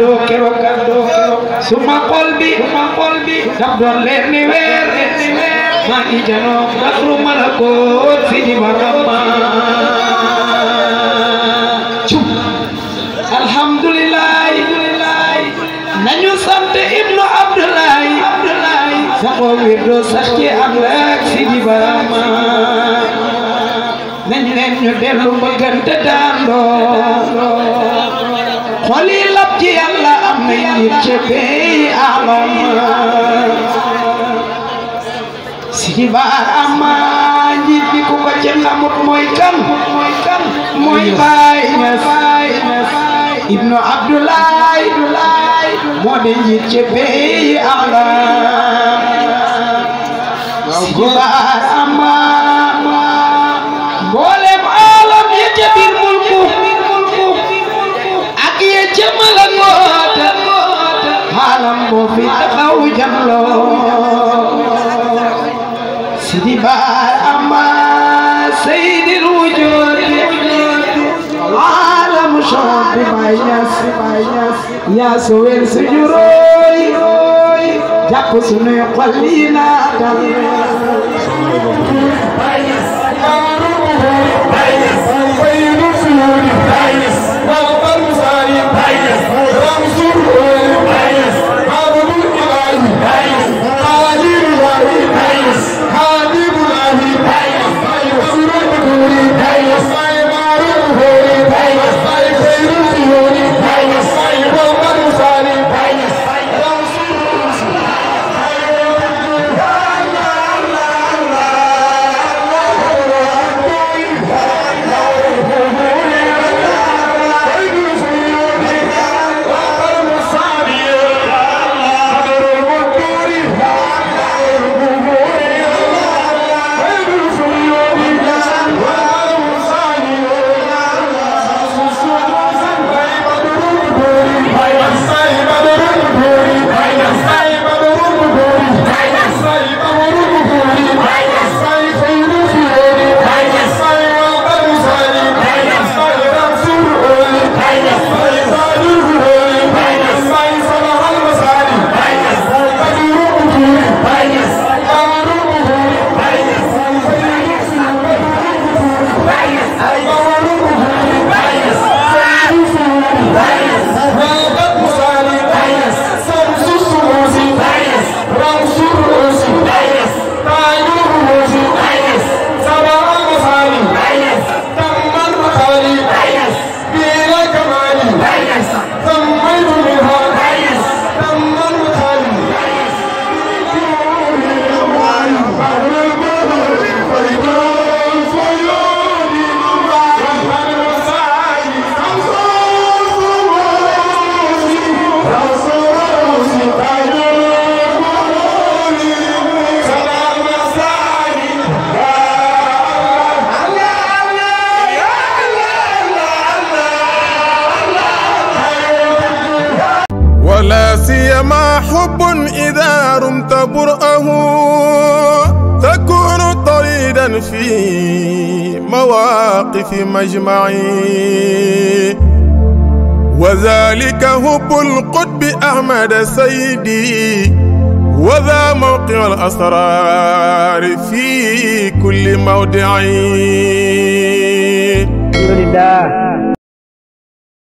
kado keroog kado keroog suma xol bi suma xol bi daf doon leer ni weer ni weer maa ngi janoo nasru malakoot si di marama cum alhamdulilah nañu sant ibnu abdullahi abdullahi saxoo wirdo sax ci am laak si di barama nañ leen ñu dellu bëggante daandoo Halilap ci yàlla am na yit ci pey alam Sidi Baar ama njiit bi ku ko ci xamut mooy kan mooy bay, Ñas Ibnu Abdoulaye moo de njiit ci pey alam Sidi Baar lambo fi taxaw jamloo sidi baar amma sayyidil wujuud alam shoon bi Baay Ñas yaa sowel suñu roy jàpp suñuy xol yi naa dal كما حب إذا رمت برأه تكون طريدا في مواقف مجمعي وذلك هب القطب أحمد سيدي وذا موقع الأسرار في كل موضعي الحمد لله